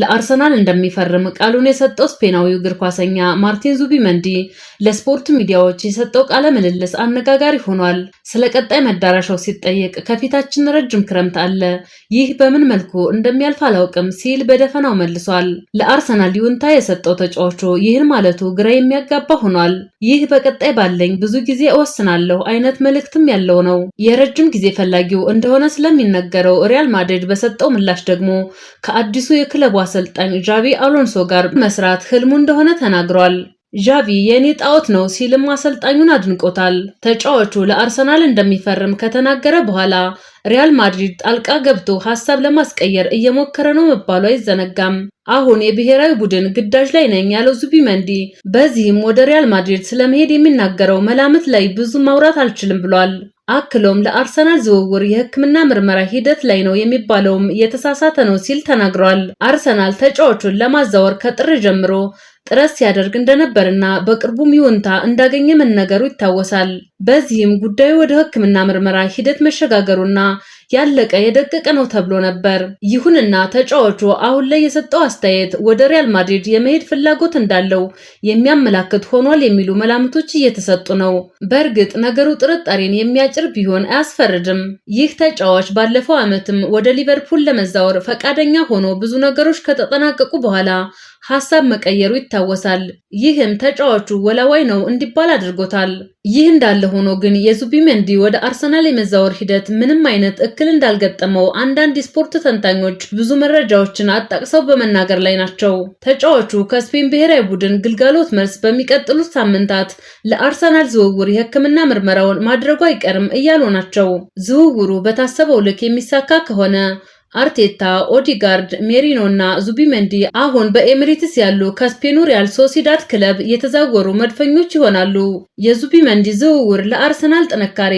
ለአርሰናል እንደሚፈርም ቃሉን የሰጠው ስፔናዊው እግር ኳሰኛ ማርቲን ዙቢ መንዲ ለስፖርት ሚዲያዎች የሰጠው ቃለ ምልልስ አነጋጋሪ ሆኗል። ስለ ቀጣይ መዳረሻው ሲጠየቅ ከፊታችን ረጅም ክረምት አለ፣ ይህ በምን መልኩ እንደሚያልፍ አላውቅም ሲል በደፈናው መልሷል። ለአርሰናል ይሁንታ የሰጠው ተጫዋቹ ይህን ማለቱ ግራ የሚያጋባ ሆኗል። ይህ በቀጣይ ባለኝ ብዙ ጊዜ እወስናለሁ አይነት መልእክትም ያለው ነው። የረጅም ጊዜ ፈላጊው እንደሆነ ስለሚነገረው ሪያል ማድሪድ በሰጠው ምላሽ ደግሞ ከአዲሱ የክለቡ አሰልጣኝ ዣቪ አሎንሶ ጋር መስራት ህልሙ እንደሆነ ተናግሯል። ዣቪ የኔ ጣዖት ነው ሲልም አሰልጣኙን አድንቆታል። ተጫዋቹ ለአርሰናል እንደሚፈርም ከተናገረ በኋላ ሪያል ማድሪድ ጣልቃ ገብቶ ሀሳብ ለማስቀየር እየሞከረ ነው መባሉ አይዘነጋም። አሁን የብሔራዊ ቡድን ግዳጅ ላይ ነኝ ያለው ዙቢመንዲ በዚህም ወደ ሪያል ማድሪድ ስለመሄድ የሚናገረው መላምት ላይ ብዙ ማውራት አልችልም ብሏል። አክሎም ለአርሰናል ዝውውር የሕክምና ምርመራ ሂደት ላይ ነው የሚባለውም የተሳሳተ ነው ሲል ተናግሯል። አርሰናል ተጫዋቹን ለማዛወር ከጥር ጀምሮ ጥረት ሲያደርግ እንደነበርና በቅርቡም ይሁንታ እንዳገኘ መነገሩ ይታወሳል። በዚህም ጉዳዩ ወደ ሕክምና ምርመራ ሂደት መሸጋገሩና ያለቀ የደቀቀ ነው ተብሎ ነበር። ይሁንና ተጫዋቹ አሁን ላይ የሰጠው አስተያየት ወደ ሪያል ማድሪድ የመሄድ ፍላጎት እንዳለው የሚያመላክት ሆኗል የሚሉ መላምቶች እየተሰጡ ነው። በእርግጥ ነገሩ ጥርጣሬን የሚያጭር ቢሆን አያስፈርድም። ይህ ተጫዋች ባለፈው ዓመትም ወደ ሊቨርፑል ለመዛወር ፈቃደኛ ሆኖ ብዙ ነገሮች ከተጠናቀቁ በኋላ ሀሳብ መቀየሩ ይታወሳል። ይህም ተጫዋቹ ወላዋይ ነው እንዲባል አድርጎታል። ይህ እንዳለ ሆኖ ግን የዙቢመንዲ ወደ አርሰናል የመዛወር ሂደት ምንም አይነት እክል ትክክል እንዳልገጠመው አንዳንድ የስፖርት ተንታኞች ብዙ መረጃዎችን አጣቅሰው በመናገር ላይ ናቸው። ተጫዋቹ ከስፔን ብሔራዊ ቡድን ግልጋሎት መልስ በሚቀጥሉት ሳምንታት ለአርሰናል ዝውውር የሕክምና ምርመራውን ማድረጉ አይቀርም እያሉ ናቸው። ዝውውሩ በታሰበው ልክ የሚሳካ ከሆነ አርቴታ፣ ኦዲጋርድ፣ ሜሪኖ እና ዙቢመንዲ አሁን በኤምሬትስ ያሉ ከስፔኑ ሪያል ሶሲዳድ ክለብ የተዛወሩ መድፈኞች ይሆናሉ። የዙቢመንዲ ዝውውር ለአርሰናል ጥንካሬ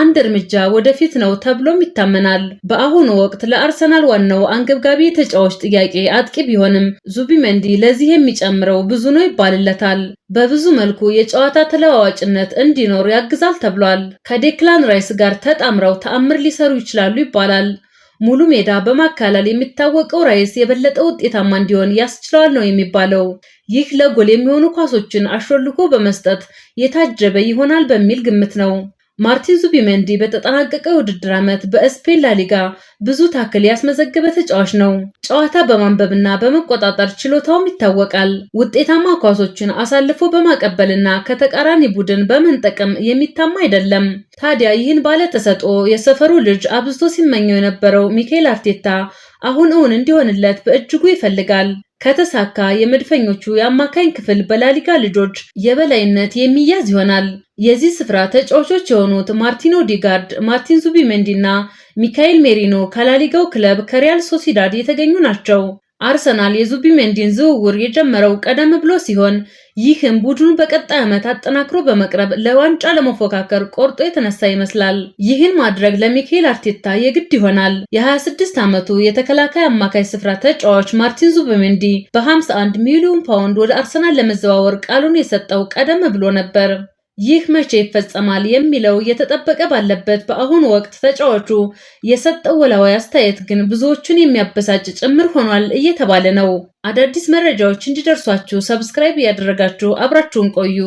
አንድ እርምጃ ወደፊት ነው ተብሎም ይታመናል። በአሁኑ ወቅት ለአርሰናል ዋናው አንገብጋቢ ተጫዋች ጥያቄ አጥቂ ቢሆንም ዙቢመንዲ ለዚህ የሚጨምረው ብዙ ነው ይባልለታል። በብዙ መልኩ የጨዋታ ተለዋዋጭነት እንዲኖር ያግዛል ተብሏል። ከዴክላን ራይስ ጋር ተጣምረው ተአምር ሊሰሩ ይችላሉ ይባላል። ሙሉ ሜዳ በማካላል የሚታወቀው ራይስ የበለጠ ውጤታማ እንዲሆን ያስችለዋል ነው የሚባለው። ይህ ለጎል የሚሆኑ ኳሶችን አሾልኮ በመስጠት የታጀበ ይሆናል በሚል ግምት ነው። ማርቲን ዙቢሜንዲ በተጠናቀቀ ውድድር ዓመት በስፔን ላሊጋ ብዙ ታክል ያስመዘገበ ተጫዋች ነው። ጨዋታ በማንበብና በመቆጣጠር ችሎታውም ይታወቃል። ውጤታማ ኳሶችን አሳልፎ በማቀበልና ከተቃራኒ ቡድን በመንጠቅም የሚታማ አይደለም። ታዲያ ይህን ባለ ተሰጥኦ የሰፈሩ ልጅ አብዝቶ ሲመኘው የነበረው ሚካኤል አርቴታ አሁን እውን እንዲሆንለት በእጅጉ ይፈልጋል። ከተሳካ የመድፈኞቹ የአማካኝ ክፍል በላሊጋ ልጆች የበላይነት የሚያዝ ይሆናል። የዚህ ስፍራ ተጫዋቾች የሆኑት ማርቲኖ ዲጋርድ፣ ማርቲን ዙቢሜንዲ እና ሚካኤል ሜሪኖ ከላሊጋው ክለብ ከሪያል ሶሲዳድ የተገኙ ናቸው። አርሰናል የዙቢሜንዲን ዝውውር የጀመረው ቀደም ብሎ ሲሆን ይህም ቡድኑ በቀጣይ ዓመት አጠናክሮ በመቅረብ ለዋንጫ ለመፎካከር ቆርጦ የተነሳ ይመስላል። ይህን ማድረግ ለሚካኤል አርቴታ የግድ ይሆናል። የ26 ዓመቱ የተከላካይ አማካይ ስፍራ ተጫዋች ማርቲን ዙቢሜንዲ በ51 ሚሊዮን ፓውንድ ወደ አርሰናል ለመዘዋወር ቃሉን የሰጠው ቀደም ብሎ ነበር። ይህ መቼ ይፈጸማል የሚለው እየተጠበቀ ባለበት በአሁኑ ወቅት ተጫዋቹ የሰጠው ወላዋይ አስተያየት ግን ብዙዎቹን የሚያበሳጭ ጭምር ሆኗል እየተባለ ነው። አዳዲስ መረጃዎች እንዲደርሷችሁ ሰብስክራይብ እያደረጋችሁ አብራችሁን ቆዩ።